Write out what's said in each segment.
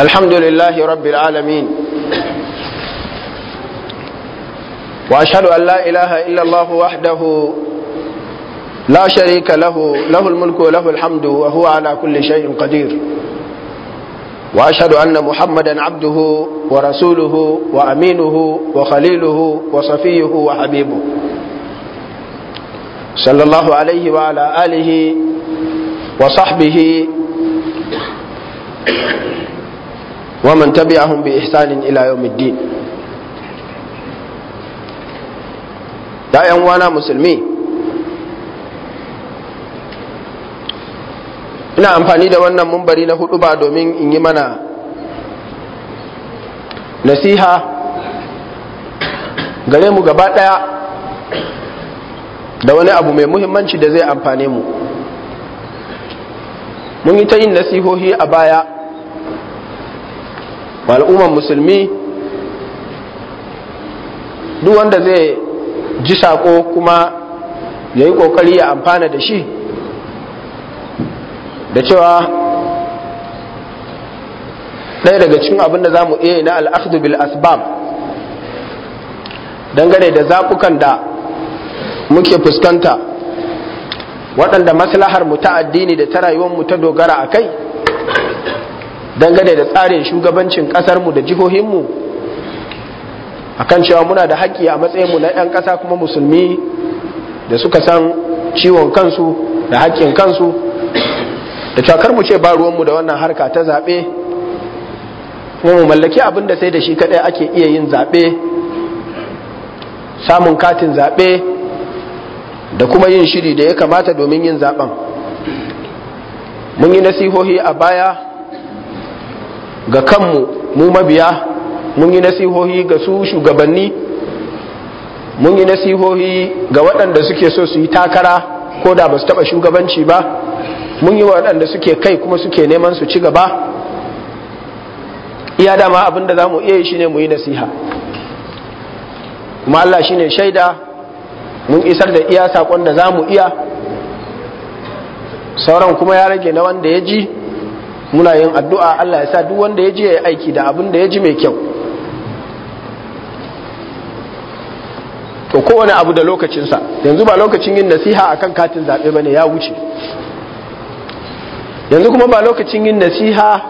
الحمد لله رب العالمين واشهد ان لا اله الا الله وحده لا شريك له له الملك وله الحمد وهو على كل شيء قدير واشهد ان محمدا عبده ورسوله وامينه وخليله وصفيه وحبيبه صلى الله عليه وعلى اله وصحبه ومن تبعهم بإحسان إلى يوم الدين da ‘yan wana musulmi ina amfani da wannan mumbari na hudu ba domin in yi mana nasiha gare mu gaba ɗaya da wani abu mai muhimmanci da zai amfane mu mun yi ta yin nasihohi a baya al'umman musulmi duk wanda zai ji sako kuma ya yi kokari ya amfana da shi da cewa ɗaya daga cikin abin da za mu iya na al'akhdhu bil asbab dangane da zaɓukan da muke fuskanta waɗanda maslahar mu ta addini da ta rayuwar mu ta dogara a kai dangane da tsarin shugabancin kasarmu da jihohinmu a kan cewa muna da haƙƙi a matsayinmu na 'yan ƙasa kuma musulmi da suka san ciwon kansu da haƙƙin kansu da cakar mu ce ba ruwanmu da wannan harka ta zaɓe kuma mu mallaki abin da sai da shi kaɗai ake iya yin zaɓe samun katin zaɓe da kuma yin shiri da ya kamata domin yin zaɓen mun yi nasihohi a baya ga kanmu mu mabiya mun yi nasihohi ga su shugabanni mun yi nasihohi ga waɗanda suke so su yi takara ko da ba su taɓa shugabanci ba mun yi waɗanda suke kai kuma suke neman su ci gaba iya dama abin da za mu iya yi shine mu yi nasiha kuma Allah shine shaida mun isar da iya saƙon da za mu iya sauran kuma ya rage na wanda ya ji muna yin addu'a Allah ya sa duk wanda ya ji ya yi aiki da abin da ya ji mai kyau to kowane abu da lokacinsa yanzu ba lokacin yin nasiha akan katin zaɓe bane ya wuce yanzu kuma ba lokacin yin nasiha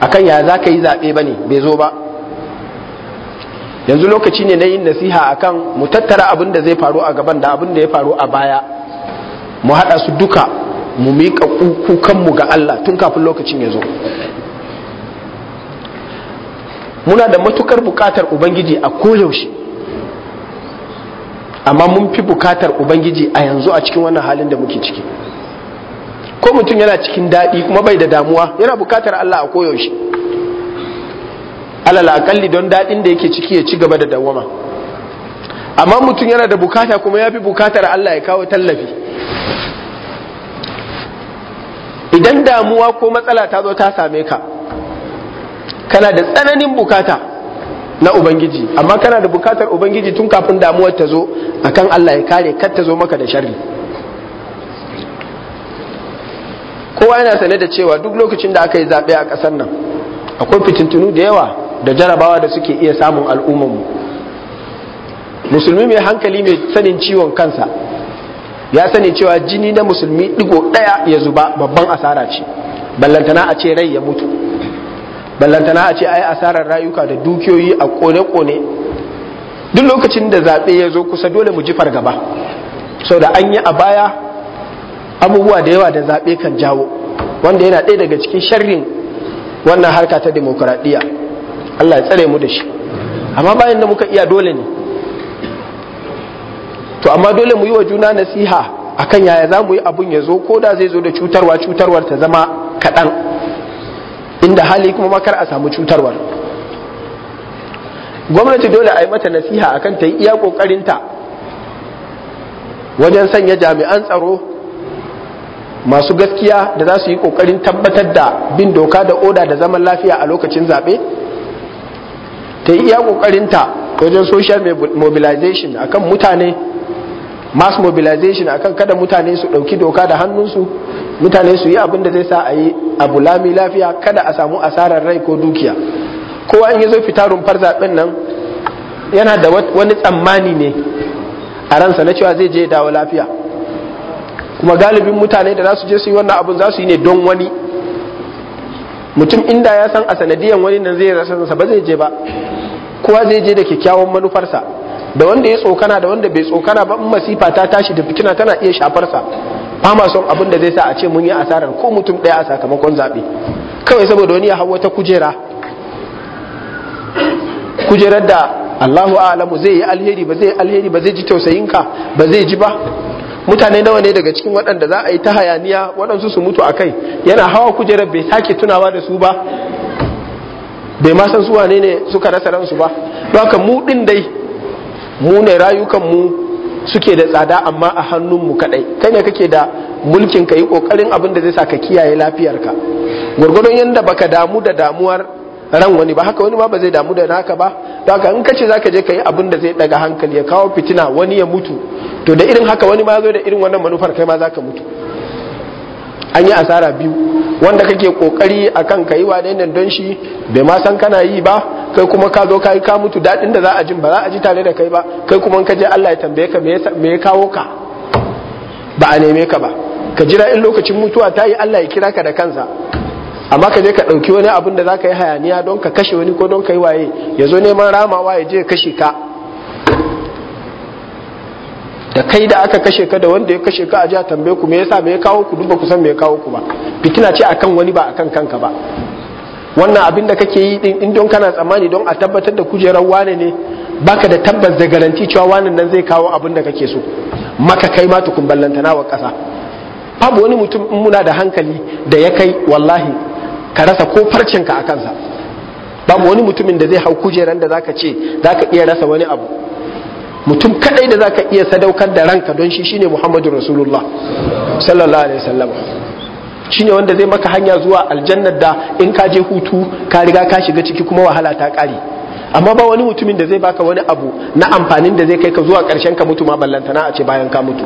akan ya za ka yi zaɓe bane bai zo ba yanzu lokaci ne na yin nasiha akan mu tattara abin da zai faru a gaban da abin da ya faru a baya mu haɗa su duka mu miƙa kukanmu ga Allah tun kafin lokacin ya zo muna da matukar bukatar ubangiji a koyaushe amma mun fi bukatar ubangiji a yanzu a cikin wannan halin da muke ciki ko mutum yana cikin daɗi kuma bai da damuwa yana bukatar Allah a koyaushe alal akalli don daɗin da yake ciki ya ci gaba da dawama amma mutum yana da bukata kuma ya fi bukatar Allah ya kawo tallafi idan damuwa ko matsala ta zo ta same ka kana da tsananin bukata na ubangiji amma kana da bukatar ubangiji tun kafin damuwar ta zo akan Allah ya kare kar ta zo maka da sharri kowa yana sane da cewa duk lokacin da aka yi zaɓe a ƙasar nan akwai fitintunu da yawa da jarabawa da suke iya samun mu. musulmi mai hankali mai sanin ciwon kansa ya sani cewa jini na musulmi ɗigo ɗaya ya zuba babban asara ce ballantana a ce rai ya mutu ballantana a ce ai asarar rayuka da dukiyoyi a kone-kone duk lokacin da zaɓe ya zo kusa dole mu ji fargaba sau da an yi a baya abubuwa da yawa da zaɓe kan jawo wanda yana ɗaya daga cikin sharrin wannan harka ta demokuraɗiyya allah ya tsare mu da shi amma bayan da muka iya dole ne to amma dole mu yi wa juna nasiha akan yaya za mu yi abun ya zo ko da zai zo da cutarwa cutarwar ta zama kaɗan inda hali kuma makar a samu cutarwar gwamnati dole a yi mata nasiha akan ta yi iya ƙoƙarinta wajen sanya jami'an tsaro masu gaskiya da za su yi ƙoƙarin tabbatar da bin doka da oda da zaman lafiya a lokacin zaɓe ta yi iya ƙoƙarinta wajen social mobilization akan mutane mass mobilization akan kada mutane su ɗauki doka da hannunsu mutane su yi abin da zai sa a yi abu lami lafiya kada a samu asarar rai ko dukiya kowa in ya zo fita rumfar zaɓen nan yana da wani tsammani ne a ransa na cewa zai je dawo lafiya kuma galibin mutane da za su je su yi wannan abun za su yi ne don wani mutum inda ya san a sanadiyan wani nan zai rasa ba zai je ba kowa zai je da kyakkyawan manufarsa da wanda ya tsokana da wanda bai tsokana ba in masifa ta tashi da fitina tana iya shafar sa ba ma son abin da zai sa a ce mun yi asarar ko mutum ɗaya a sakamakon zaɓe kawai saboda wani ya hau wata kujera kujerar da Allahu a'lamu zai yi alheri ba zai alheri ba zai ji tausayinka ba zai ji ba mutane nawa ne daga cikin waɗanda za a yi ta hayaniya waɗansu su mutu a kai yana hawa kujerar bai sake tunawa da su ba bai ma san su wane ne suka rasa ransu ba don haka mu ɗin dai mu ne rayukanmu suke da tsada amma a hannunmu kadai kai ne kake da mulkin ka yi kokarin abin da zai sa ka kiyaye lafiyar ka gwargwadon yadda baka damu da damuwar ran wani ba haka wani ma ba zai damu da naka ba to haka in kace zaka je kai abin da zai daga hankali ya kawo fitina wani ya mutu to da irin haka wani ma zo da irin wannan manufar kai ma zaka mutu an yi asara biyu wanda kake kokari akan kai wa nan don shi bai ma san kana yi ba kai kuma ka zo kai ka mutu dadin da za a jin ba za a ji tare da kai ba kai kuma ka je Allah ya tambaye ka me ya kawo ka ba a neme ka ba ka jira in lokacin mutuwa ta yi Allah ya kira ka da kansa amma ka je ka ɗauki wani abin da za ka yi hayaniya don ka kashe wani ko don ka yi waye ya zo neman ramawa ya je kashe ka da kai da aka kashe ka da wanda ya kashe ka a jiya tambaye ku me yasa me ya kawo ku duk ba ku san me ya kawo ku ba fitina ce akan wani ba akan kanka ba wannan abin da kake yi din in don kana tsammani don a tabbatar da kujerar wane ne baka da tabbas da garanti cewa wannan nan zai kawo abin da kake so maka kai ma tukun ballantana wa ƙasa babu wani mutum in muna da hankali da ya kai wallahi ka rasa ko farcinka a kansa babu wani mutumin da zai hau kujerar da zaka ce zaka iya rasa wani abu mutum kadai da zaka iya sadaukar da ranka don shi shine Muhammadu Rasulullah sallallahu alaihi wasallam shine wanda zai maka hanya zuwa aljannar da in ka je hutu ka riga ka shiga ciki kuma wahala ta kare amma ba wani mutumin da zai baka wani abu na amfanin da zai kai ka zuwa karshen ka mutu ma ballantana a ce bayan ka mutu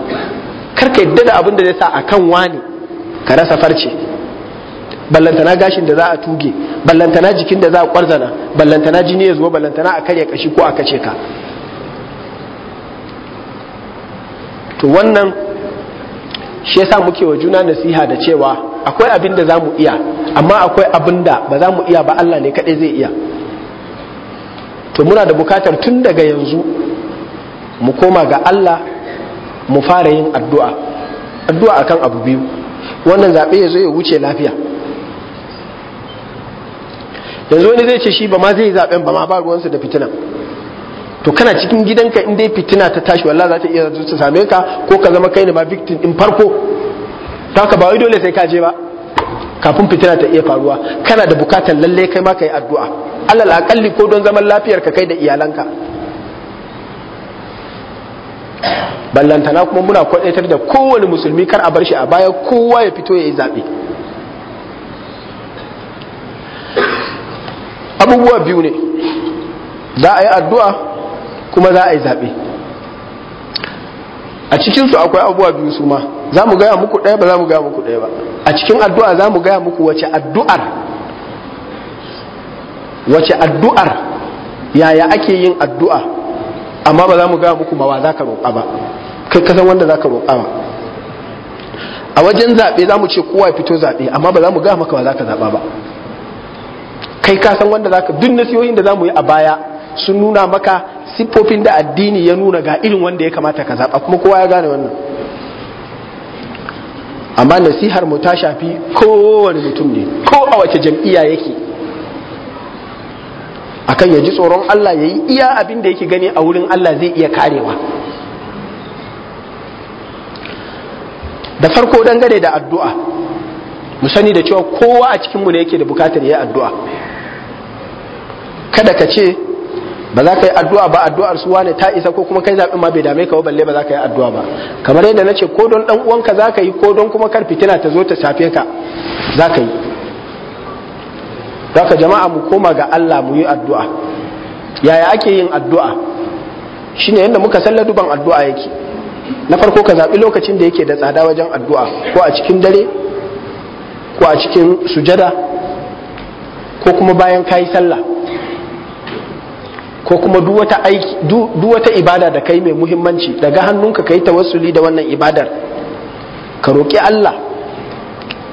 kar ka yadda da abin da zai sa akan wani ka rasa farce ballantana gashin da za a tuge ballantana jikin da za a kwarzana ballantana jini ya zuwa ballantana a karya kashi ko a kace ka to wannan shi yasa muke wa juna nasiha da cewa akwai abin da za mu iya amma akwai abin da ba za mu iya ba Allah ne kaɗai zai iya to muna da bukatar tun daga yanzu mu koma ga Allah mu fara yin addu'a addu'a akan abu biyu wannan zaɓe ya zo ya wuce lafiya yanzu wani zai ce shi ba ma zai yi zaɓen ba ma ba ruwansa da fitina to kana cikin gidanka in dai fitina ta tashi wallah za ta iya ta same ka ko ka zama kai ne ma victim in farko ta ka ba wai dole sai ka je ba kafin fitina ta iya faruwa kana da bukatar lalle kai ma kai addu'a alal akalli ko don zaman lafiyar ka kai da iyalanka ballantana kuma muna kwadaitar da kowane musulmi kar a bar shi a baya kowa ya fito ya yi zaɓe abubuwa biyu ne za a yi addu'a kuma za a yi zaɓe a cikin su akwai abubuwa biyu su ma za mu gaya muku ɗaya ba za mu gaya muku ɗaya ba a cikin addu'a za mu gaya muku wace addu'ar wace addu'ar yaya ake yin addu'a amma ba za mu gaya muku mawa za ka roƙa ba kai kasan wanda za ka roƙa ba a wajen zaɓe za mu ce kowa fito zaɓe amma ba za mu gaya maka ba za ka zaɓa ba kai kasan wanda za ka duk nasiyoyin da za mu yi a baya sun nuna maka siffofin da addini ya nuna ga irin wanda ya kamata ka zaɓa kuma kowa ya gane wannan amma nasihar mu ta shafi kowane mutum ne ko a wace jam'iyya yake akan ya ji tsoron Allah ya yi iya abin da yake gani a wurin Allah zai iya karewa da farko dangane da addu'a mu sani da cewa kowa a cikinmu ne yake da bukatar ya yi addu'a kada ka ce ba za ka yi addu'a ba addu'ar su wane ta isa ko kuma kai zaɓin ma bai dame ka ba balle ba za ka yi addu'a ba kamar yadda na ce ko don ɗan uwanka za ka yi ko don kuma kar fitina ta zo ta shafe ka za ka yi ka jama'a mu koma ga Allah mu yi addu'a yaya ake yin addu'a shine yadda muka san duban addu'a yake na farko ka zaɓi lokacin da yake da tsada wajen addu'a ko a cikin dare ko a cikin sujada ko kuma bayan kayi sallah ko kuma duk wata aiki duk wata ibada da kai mai muhimmanci daga hannunka kai tawassuli da wannan ibadar ka roƙi Allah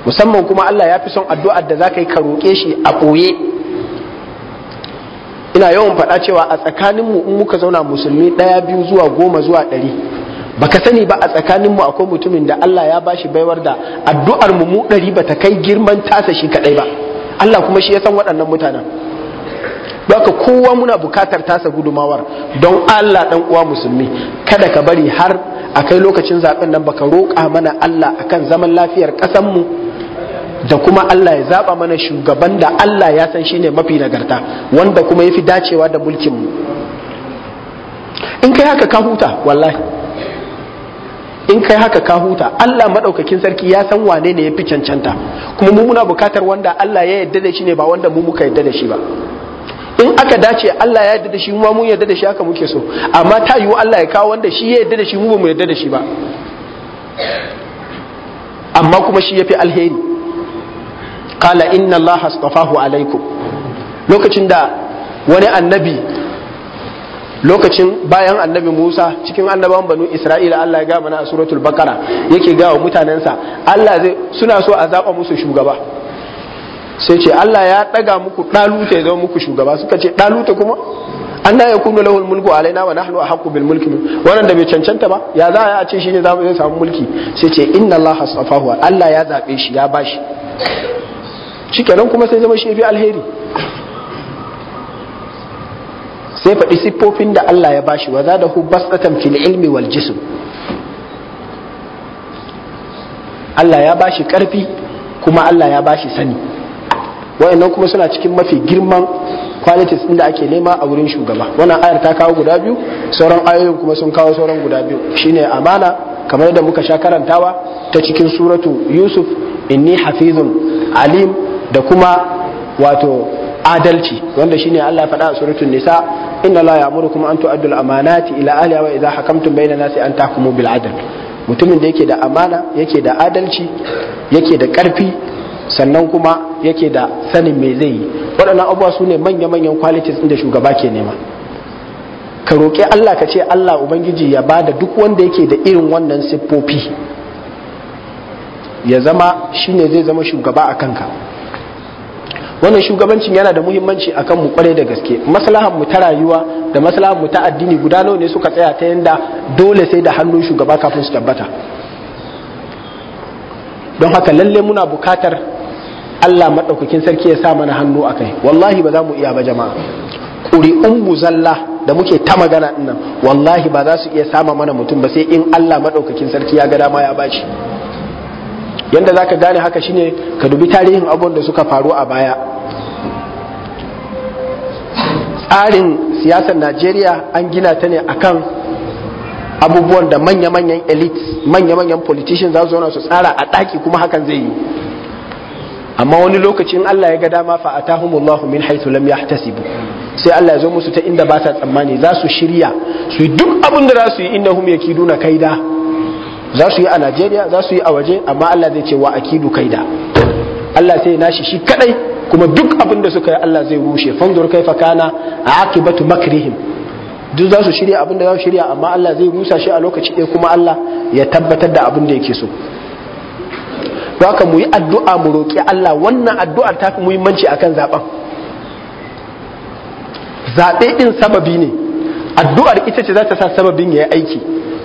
musamman kuma Allah ya fi son addu'ar da za ka yi ka roƙe shi a ɓoye ina yawan faɗa cewa a tsakaninmu in muka zauna musulmi ɗaya biyu zuwa goma zuwa ɗari baka sani ba a tsakaninmu akwai mutumin da Allah ya ba shi baiwar da addu'ar mu mu ɗari bata kai girman tasa shi kaɗai ba Allah kuma shi ya san waɗannan mutanen Baka kowa muna bukatar tasa gudumawar don Allah dan uwa musulmi kada ka bari har a kai lokacin zaben nan baka roƙa mana Allah akan zaman lafiyar mu da kuma Allah ya zaba mana shugaban da Allah ya san shine mafi nagarta wanda kuma yafi dacewa da mulkin mu in kai haka ka huta wallahi in kai haka ka huta Allah madaukakin sarki ya san wane ne yafi cancanta kuma mu muna bukatar wanda Allah ya yarda da shi ne ba wanda mu muka yarda da shi ba in aka dace Allah ya yarda da shi mu mun yarda da shi haka muke so amma ta yiwu Allah ya kawo wanda shi ya yarda da shi mu ba mu yarda da shi ba amma kuma shi yafi alheri qala inna Allah astafahu alaikum lokacin da wani annabi lokacin bayan annabi Musa cikin annaban banu Isra'ila Allah ya ga mana a suratul Baqara yake ga wa mutanensa Allah zai suna so a zaba musu shugaba sai ce Allah ya daga muku dalute ya zama muku shugaba suka ce dalute kuma an da ya kuma lahul mulku alaina wa nahnu ahqqu bil mulki wannan da bai cancanta ba ya za a ce shi za mu samu mulki sai ce inna Allah astafahu Allah ya zabe shi ya bashi kenan kuma sai zama shi fi alheri sai faɗi siffofin da Allah ya bashi wa zada hu basatan fil ilmi wal jism Allah ya bashi karfi kuma Allah ya bashi sani wayannan kuma suna cikin mafi girman qualities din da ake nema a wurin shugaba wannan ayar ta kawo guda biyu sauran ayoyin kuma sun kawo sauran guda biyu shine amana kamar yadda muka sha karantawa ta cikin suratu yusuf inni hafizun alim da kuma wato adalci wanda shine Allah ya faɗa a suratul nisa inna la ya'murukum an tu'addul amanati ila ahliha wa idha hakamtum bayna nasi an tahkumu bil adl mutumin da yake da amana yake da adalci yake da karfi sannan kuma yake da sanin me zai yi waɗannan abubuwa su ne manya-manyan qualities inda shugaba ke nema ka roƙi Allah ka ce Allah ubangiji ya ba da duk wanda yake da irin wannan siffofi ya zama shine zai zama shugaba a kanka wannan shugabancin yana da muhimmanci a kanmu kwarai da gaske maslahan mu ta rayuwa da maslahan mu ta addini guda nawa ne suka tsaya ta yadda dole sai da hannun shugaba kafin su tabbata don haka lalle muna bukatar Allah maɗaukakin sarki ya sa mana hannu a kai wallahi ba za mu iya ba jama'a ƙuri'un muzalla da muke ta magana nan wallahi ba za su iya sama mana mutum ba sai in Allah maɗaukakin sarki ya ga ma ya bashi yanda za ka gane haka shine ka dubi tarihin abubuwan da suka faru a baya tsarin siyasar najeriya an gina ta ne akan abubuwan da manya-manyan elite manya-manyan politicians za su zauna su tsara a ɗaki kuma hakan zai yi amma wani lokacin Allah ya ga dama fa atahumullahu min haythu lam yahtasibu sai Allah ya zo musu ta inda ba ta tsammani za su shirya su yi duk abin da za su yi innahum yakiduna kaida za su yi a Najeriya za su yi a waje amma Allah zai ce wa akidu kaida Allah sai ya nashi shi kadai kuma duk abin da suka yi Allah zai rushe fanzur kaifa kana akibatu makrihim duk za su shirya abin da za su shirya amma Allah zai rusa shi a lokaci ɗaya kuma Allah ya tabbatar da abin da yake so haka mu yi addu'a mu roƙi Allah wannan addu'ar ta fi muhimmanci akan zaɓen. zaɓe ɗin sababi ne addu'ar ita ce za ta sa sababin ya yi aiki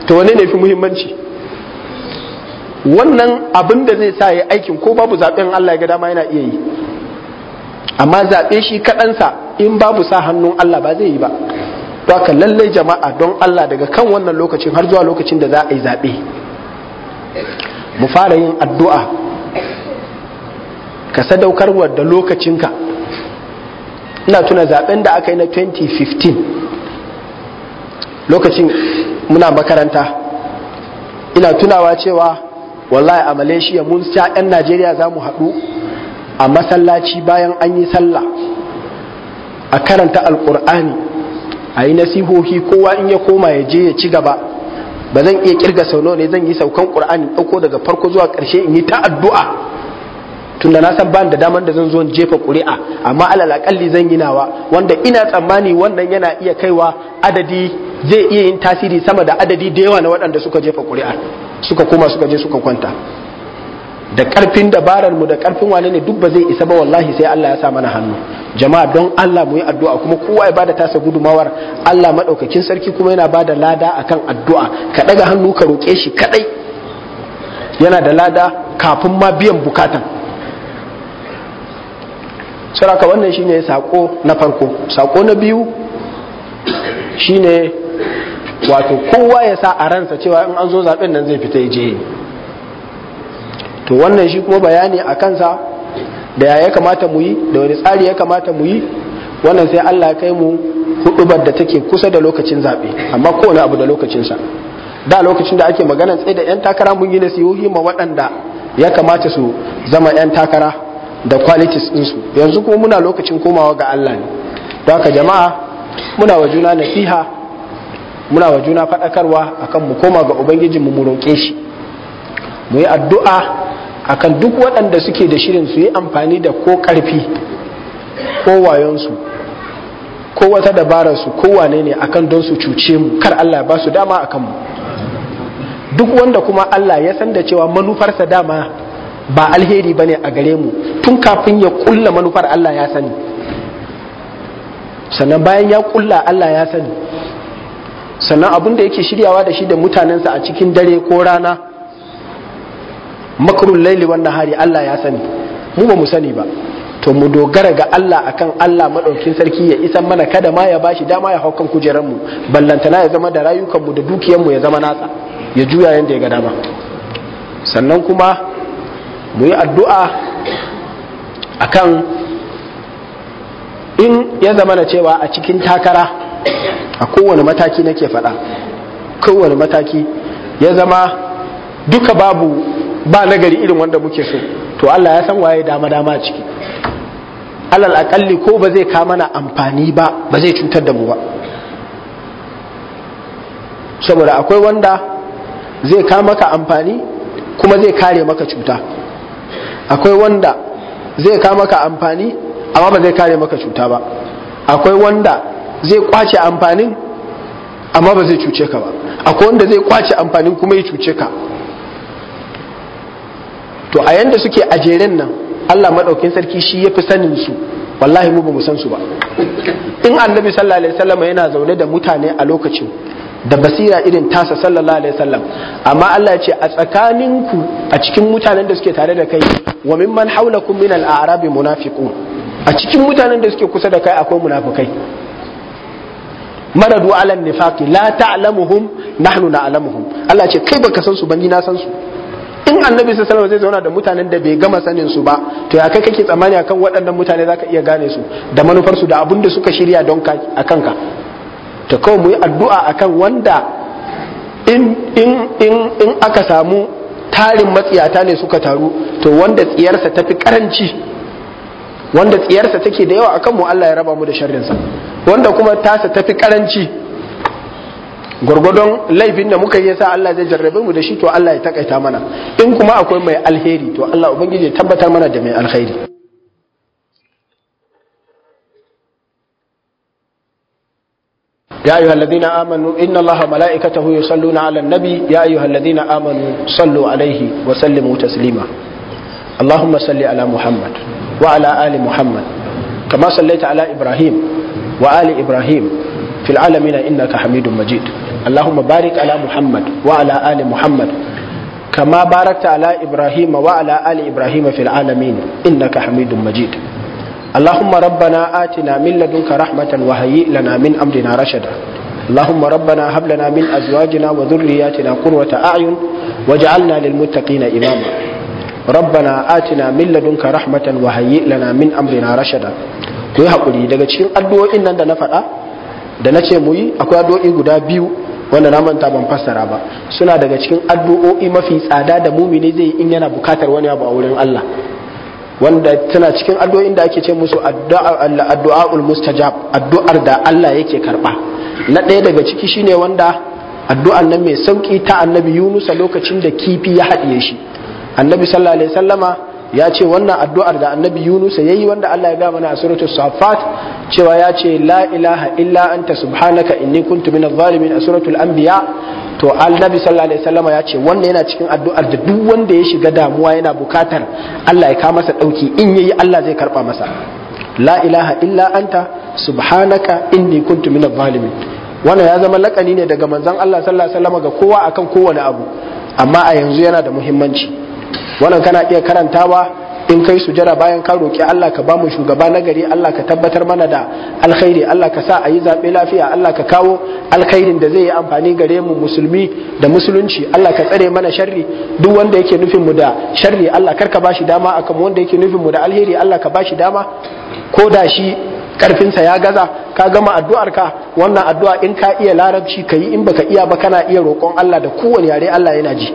to wane ne fi muhimmanci wannan abin da zai sa ya aikin ko babu zaɓen Allah ya ga dama yana iya yi amma zaɓe shi kaɗansa in babu sa hannun Allah ba zai yi ba to haka lallai jama'a don Allah daga kan wannan lokacin har zuwa lokacin da za a yi zaɓe mu fara yin addu'a ka sadaukarwa da lokacinka ina tuna zaben da aka yi na 2015 lokacin muna makaranta ina tunawa cewa wallahi a malaysia mun sha 'yan najeriya za mu haɗu a masallaci bayan an yi sallah a karanta alkur'ani a yi nasihohi kowa in ya koma ya je ya ci gaba ba zan iya kirga sau ne zan yi saukan ƙur'ani ɗauko daga farko zuwa ƙarshe in yi ta addu'a tunda na san ban da daman da zan zo jefa ƙuri'a amma alal akalli zan yi nawa wanda ina tsammani wannan yana iya kaiwa adadi zai iya yin tasiri sama da adadi da yawa na waɗanda suka jefa ƙuri'a suka koma suka je suka kwanta da ƙarfin dabarar mu da ƙarfin wane ne duk ba zai isa ba wallahi sai Allah ya sa mana hannu jama'a don Allah mu yi addu'a kuma kowa ya bada tasa gudumawar Allah madaukakin sarki kuma yana bada lada akan addu'a ka daga hannu ka roke shi kadai yana da lada kafin ma biyan bukatan saraka wannan shine sako na farko sako na biyu shine wato kowa ya sa a ransa cewa in an zo zaben nan zai fita je to wannan shi kuma bayani a kansa da ya kamata mu yi da wani tsari ya kamata mu yi wannan sai Allah ya kai mu hudubar da take kusa da lokacin zaɓe amma kowane abu da lokacinsa da lokacin da ake magana tsaye da 'yan takara mun yi nasihohi ma waɗanda ya kamata su zama 'yan takara da qualities su yanzu kuma muna lokacin komawa ga Allah ne don haka jama'a muna wa juna nasiha muna wa juna faɗakarwa akan mu koma ga Ubangijin mu roƙe shi mu yi addu'a akan duk waɗanda suke da shirin su yi amfani da ko ƙarfi ko wayonsu ko wata dabararsu ko wane ne akan don su cuce mu kar Allah ya ba su dama akan mu duk wanda kuma Allah ya san da cewa manufarsa dama ba alheri ba ne a gare mu tun kafin ya kulla manufar Allah ya sani sannan bayan ya kulla Allah ya sani sannan abin da yake shiryawa da shi da mutanensa a cikin dare ko rana makarun laili wannan hari Allah ya sani mu ba mu sani ba to mu dogara ga Allah akan Allah maɗaukin sarki ya isan mana kada ma ya ba bashi dama ya haukan kujerar mu ballantana ya zama da rayukan mu da dukiyar mu ya zama nasa ya juya yanda ya ga dama sannan kuma mu yi addu'a akan in ya zama na cewa a cikin takara a kowane mataki nake faɗa kowane mataki ya zama duka babu ba nagari irin wanda muke so to Allah ya san waye dama dama ciki alal akalli ko ba zai kama na amfani ba ba zai cutar da mu ba saboda akwai wanda zai kama ka amfani kuma zai kare maka cuta akwai wanda zai ka maka amfani amma ba zai kare maka cuta ba akwai wanda zai kwace amfanin amma ba zai cuce ka ba akwai wanda zai kwace amfanin kuma ya cuce ka to a yanda suke a jerin nan Allah maɗaukin sarki shi ya fi sanin su wallahi mu ba mu san su ba in annabi sallallahu alaihi wasallam yana zaune da mutane a lokacin da basira irin tasa sallallahu alaihi wasallam amma Allah ya ce a tsakaninku a cikin mutanen da suke tare da kai wa mimman haulakum min al-a'rabi munafiqun a cikin mutanen da suke kusa da kai akwai munafikai maradu ala nifaqi la ta'lamuhum nahnu na'lamuhum Allah ce kai baka san su ba ni na san su in annabi sallallahu alaihi wasallam zai zauna da mutanen da bai gama sanin su ba to ya kai kake tsammani akan waɗannan mutane zaka iya gane su da manufar su da abin da suka shirya don ka akan ka ta kawo mu yi addu'a a kan wanda in aka samu tarin matsiyata ne suka taru to wanda tsiyarsa ta fi karanci wanda tsiyarsa take da yawa a mu Allah ya raba mu da sharrinsa wanda kuma tasa ta fi karanci gwargwadon laifin da muka yi sa Allah zai jarrabe mu da shi to Allah ya takaita mana in kuma akwai mai alheri to Allah ubangiji ya tabbatar mana da mai alheri يا أيها الذين آمنوا إن الله ملائكته يصلون على النبي يا أيها الذين آمنوا صلوا عليه وسلموا تسليما اللهم صل على محمد وعلى آل محمد كما صليت على إبراهيم وآل إبراهيم في العالمين إنك حميد مجيد اللهم بارك على محمد وعلى آل محمد كما باركت على إبراهيم وعلى آل إبراهيم في العالمين إنك حميد مجيد اللهم ربنا آتنا من لدنك رحمة وهيئ لنا من أمرنا رشدا اللهم ربنا هب لنا من أزواجنا وذرياتنا قرة أعين واجعلنا للمتقين إماما ربنا آتنا من لدنك رحمة وهيئ لنا من أمرنا رشدا ku yi haƙuri daga cikin addu'o'in nan da na faɗa da na ce mu akwai addu'o'i guda biyu wanda na manta ban fassara ba suna daga cikin addu'o'i mafi tsada da mumini zai yi in yana bukatar wani abu a wurin Allah wanda tana cikin addu'o'in da ake ce musu addu'a'ul mustajab addu'ar da Allah yake karba na ɗaya daga ciki shine wanda addu'an nan mai sauki ta annabi Yunus a lokacin da kifi ya haɗiye shi annabi sallallahu alaihi sallama ya ce wannan addu'ar da annabi Yunus ya yi wanda Allah ya ga mana a suratul safat cewa ya ce la ilaha illa anta subhanaka inni kuntu minadh zalimin a suratul anbiya to annabi sallallahu alaihi wasallama ya ce wannan yana cikin addu'ar da duk wanda ya shiga damuwa yana bukatar Allah ya ka masa dauki in yayi Allah zai karba masa la ilaha illa anta subhanaka inni kuntu minadh zalimin wannan ya zama lakani ne daga manzon Allah sallallahu alaihi wasallama ga kowa akan kowane abu amma a yanzu yana da muhimmanci wannan kana iya karantawa in kai jara bayan ka roƙi, Allah ka bamu shugaba na gari Allah ka tabbatar mana da alkhairi Allah ka sa a yi zaɓe lafiya Allah ka kawo alkhairin da zai yi amfani gare mu musulmi da musulunci Allah ka tsare mana sharri duk wanda yake nufin mu da sharri Allah karka shi dama akan wanda yake nufin mu da alheri Allah ka ba shi dama ko da shi karfinsa ya gaza ka gama addu'ar ka wannan addu'a in ka iya larabci ka yi in baka iya ba kana iya roƙon Allah da kowane yare Allah yana ji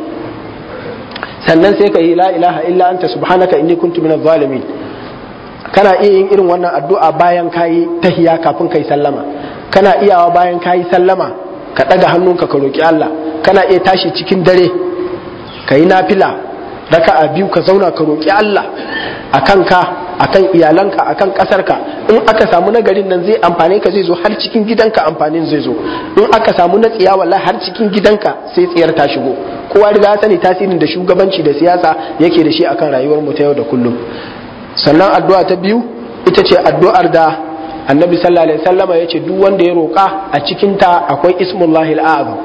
sannan sai ka yi la ilaha illa anta subhanaka inni kuntu minaz zalimin kana iya yin irin wannan addu'a bayan kayi tahiya kafin kai sallama kana iyawa bayan kayi sallama ka ɗaga hannunka ka roki Allah kana iya tashi cikin dare ka yi nafila raka'a biyu ka zauna ka roki Allah a ka. akan iyalanka akan kasarka in aka samu nagarin nan zai amfane ka zai zo har cikin gidanka amfanin zai zo in aka samu na tsiya wallahi har cikin gidanka sai tsiyar ta shigo kowa riga sani tasirin da shugabanci da siyasa yake da shi akan rayuwar mu ta yau da kullum sannan addu'a ta biyu ita ce addu'ar da annabi sallallahu alaihi wasallama yace duk wanda ya roka a cikin ta akwai ismullahi al'azam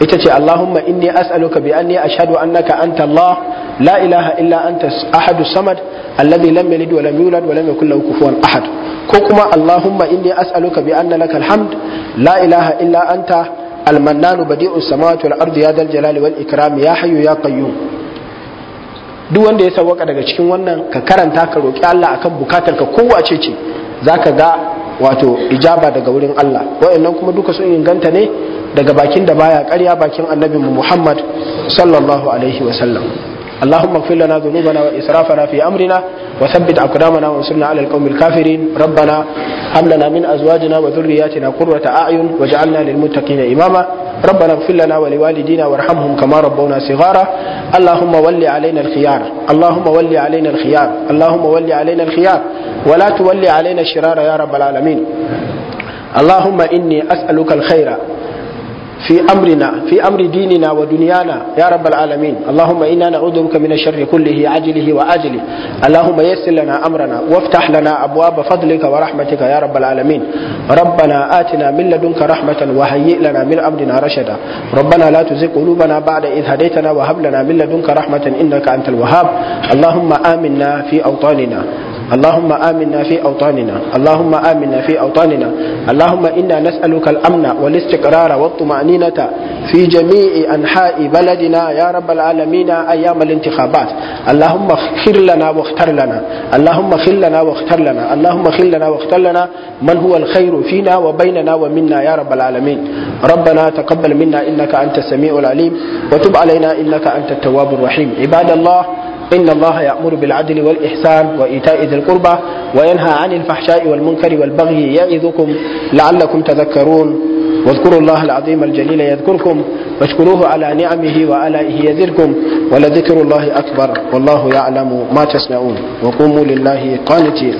ita ce allahumma inni as'aluka bi anni ashhadu annaka anta allah la ilaha illa anta ahadu samad الذي لم يلد wa يولد ولم wa له كفوا lahu ahad ko kuma allahumma inni as'aluka bi anna lakal hamd la anta المنان بديع السماوات والارض يا ذا الجلال والاكرام يا حي يا قيوم duk wanda ya sauwaka daga cikin wannan ka karanta ka roki Allah akan bukatar ka wace ce zaka ga wato ijaba daga wurin Allah wayannan kuma duka sun inganta ne daga bakin da baya karya bakin annabi Muhammad sallallahu alaihi wa sallam اللهم اغفر لنا ذنوبنا وإسرافنا في أمرنا وثبت أقدامنا وانصرنا على القوم الكافرين ربنا هب لنا من أزواجنا وذرياتنا قرة أعين واجعلنا للمتقين إماما ربنا اغفر لنا ولوالدينا وارحمهم كما ربونا صغارا اللهم ول علينا الخيار اللهم ول علينا الخيار اللهم ول علينا الخيار ولا تولي علينا الشرار يا رب العالمين اللهم إني أسألك الخير في أمرنا في أمر ديننا ودنيانا يا رب العالمين اللهم إنا نعوذ بك من الشر كله عجله وآجله اللهم يسر لنا أمرنا وافتح لنا أبواب فضلك ورحمتك يا رب العالمين ربنا آتنا من لدنك رحمة وهيئ لنا من أمرنا رشدا ربنا لا تزغ قلوبنا بعد إذ هديتنا وهب لنا من لدنك رحمة إنك أنت الوهاب اللهم آمنا في أوطاننا اللهم آمنا في أوطاننا اللهم آمنا في أوطاننا اللهم إنا نسألك الأمن والاستقرار والطمأنينة في جميع أنحاء بلدنا يا رب العالمين أيام الانتخابات اللهم خير لنا واختر لنا اللهم خير لنا واختر لنا اللهم خير لنا واختر لنا من هو الخير فينا وبيننا ومنا يا رب العالمين ربنا تقبل منا إنك أنت السميع العليم وتب علينا إنك أنت التواب الرحيم عباد الله إن الله يأمر بالعدل والإحسان وإيتاء ذي القربى وينهى عن الفحشاء والمنكر والبغي يعظكم لعلكم تذكرون واذكروا الله العظيم الجليل يذكركم واشكروه على نعمه وآلائه يذركم ولذكر الله أكبر والله يعلم ما تصنعون وقوموا لله قانتين